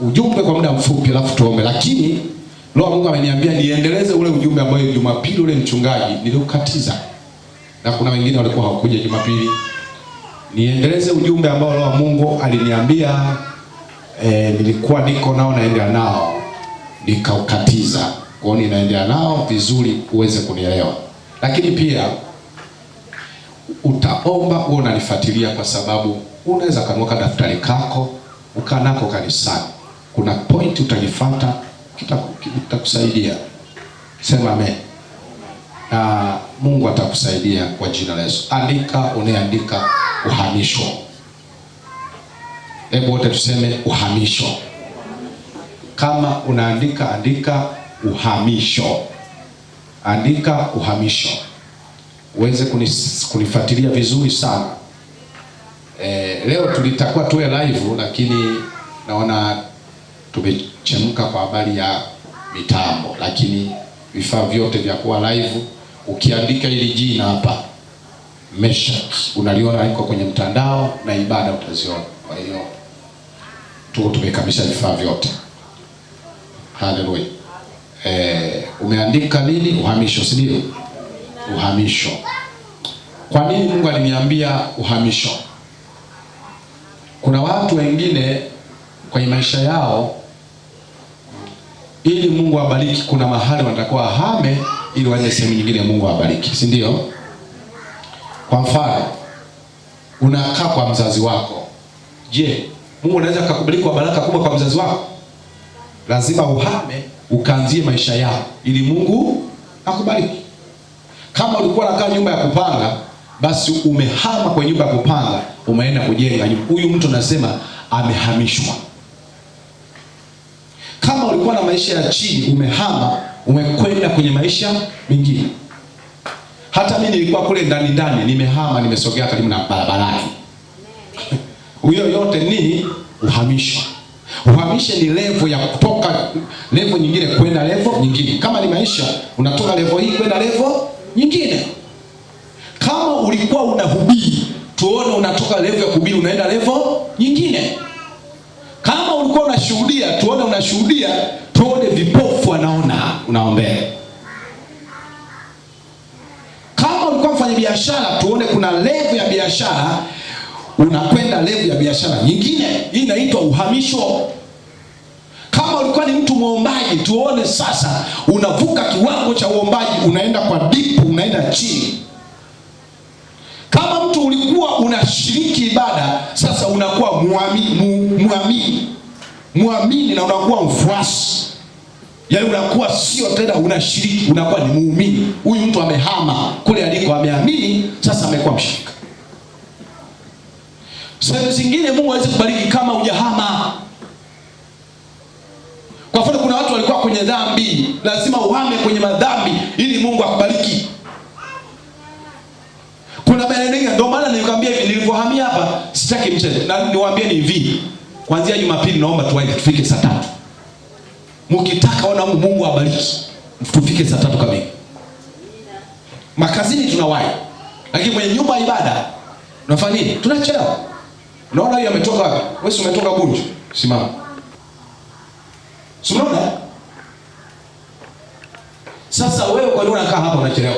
ujumbe kwa muda mfupi, alafu tuombe. Lakini Roho Mungu ameniambia niendeleze ule ujumbe ambao Jumapili ule mchungaji niliukatiza, na kuna wengine walikuwa hawakuja Jumapili. Niendeleze ujumbe ambao Roho Mungu aliniambia e, nilikuwa niko nao naendea nao nikaukatiza. Kwa hiyo ninaendelea nao vizuri, uweze kunielewa. Lakini pia utaomba uwe unalifuatilia, kwa sababu unaweza kanuka daftari kako ukaa nako kanisani. Kuna pointi utajifata kitakusaidia, sema amen, na Mungu atakusaidia kwa jina la Yesu. Andika, unayeandika uhamisho. Hebu wote tuseme uhamisho. Kama unaandika andika uhamisho, andika uhamisho uweze kunifuatilia vizuri sana eh. Leo tulitakuwa tuwe live, lakini naona tumechemka kwa habari ya mitambo, lakini vifaa vyote vya kuwa live, ukiandika ili jina hapa mesha unaliona iko kwenye mtandao na ibada utaziona. Kwa hiyo tuko tumekamisha vifaa vyote. Haleluya. Eh, umeandika nini? Uhamisho, si ndio? Uhamisho. Kwa nini Mungu aliniambia uhamisho? Kuna watu wengine kwenye maisha yao, ili Mungu awabariki, kuna mahali wanatakiwa ahame ili waje sehemu nyingine Mungu awabariki, si ndio? Kwa mfano, unakaa kwa mzazi wako. Je, Mungu anaweza kukubariki kwa baraka kubwa kwa mzazi wako? Lazima uhame ukaanzie maisha yao ili Mungu akubariki. Kama ulikuwa unakaa nyumba ya kupanga basi umehama kwa nyumba ya kupanga, umeenda kujenga. Huyu mtu nasema amehamishwa. Kama ulikuwa na maisha ya chini, umehama umekwenda kwenye maisha mengine. Hata mimi nilikuwa kule ndani ndani, nimehama, nimesogea karibu na barabarani. Huyo yote ni uhamishwa uhamishe ni levo ya kutoka levo nyingine kwenda levo nyingine. Kama ni maisha, unatoka levo hii kwenda levo nyingine. Kama ulikuwa unahubiri, tuone unatoka level ya kuhubiri unaenda level nyingine. Kama ulikuwa unashuhudia, tuone unashuhudia, tuone vipofu anaona, unaombea. Kama ulikuwa mfanya biashara, tuone kuna level ya biashara unakwenda level ya biashara nyingine. Hii inaitwa uhamisho. Kama ulikuwa ni mtu mwombaji, tuone sasa unavuka kiwango cha uombaji, unaenda kwa deep, unaenda chini. Kama mtu ulikuwa unashiriki ibada, sasa unakuwa muamini mu, muamini muamini na unakuwa mfuasi, yaani unakuwa sio tena unashiriki, unakuwa ni muumini. Huyu mtu amehama kule aliko, ameamini, sasa amekuwa mshirika. Sehemu zingine Mungu hawezi kubariki kama hujahama. Kwa mfano, kuna watu walikuwa kwenye dhambi, lazima uhame kwenye madhambi ili Mungu akubariki. nilivyohamia hapa sitaki mchezo. Na niwaambie ni hivi, kuanzia Jumapili naomba tuwahi tufike saa tatu. Mkitaka ona Mungu abariki, tufike saa tatu kamili. Makazini tunawahi. Lakini kwenye nyumba ya ibada tunafanya nini? Tunachelewa. Unaona yeye ametoka wapi? Wewe si umetoka Bunju. Simama. Unaona? Sasa wewe kwa nini unakaa hapa unachelewa?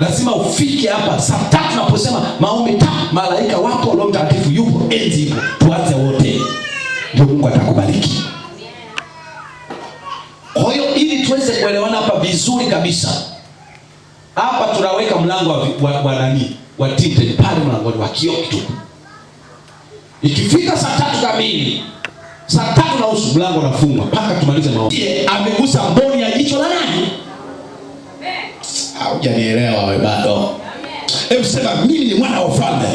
lazima ufike hapa saa tatu naposema maombi ta malaika wako Roho Mtakatifu yupo, enzi ipo, tuanze wote, ndio Mungu atakubariki. Kwa hiyo ili tuweze kuelewana hapa vizuri kabisa, hapa tunaweka mlango wa, wa, nani wa tinted pale mlango wa kioo kitupu. Ikifika saa tatu kamili, saa tatu na usu mlango unafungwa mpaka tumalize maombi. Amegusa mbo haujanielewa wewe bado. Hebu sema mimi ni mwana wa ufalme.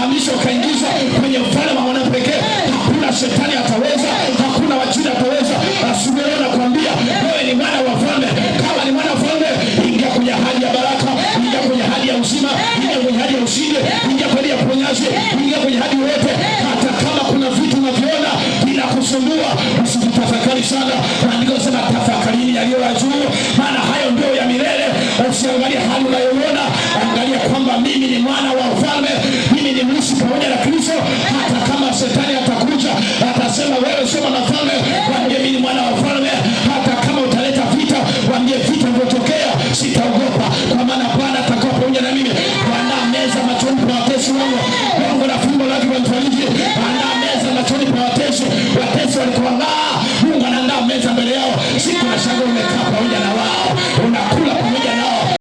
hamisho ukaingizwa kwenye ufalme wa mwana pekee. Hakuna shetani ataweza, hakuna wajini ataweza. Asubuhi leo nakwambia wewe ni mwana wa falme. Kama ni mwana wa falme, ingia kwenye hali ya baraka, ingia kwenye hali ya uzima, ingia kwenye hali ya ushindi, ingia kwenye ya ponyaji, ingia kwenye hali yote. Hata kama kuna vitu unaviona vinakusumbua, usitafakari sana. Maandiko yanasema tafakarini yaliyo ya juu, maana wewe sema nafanya kwa mwana wa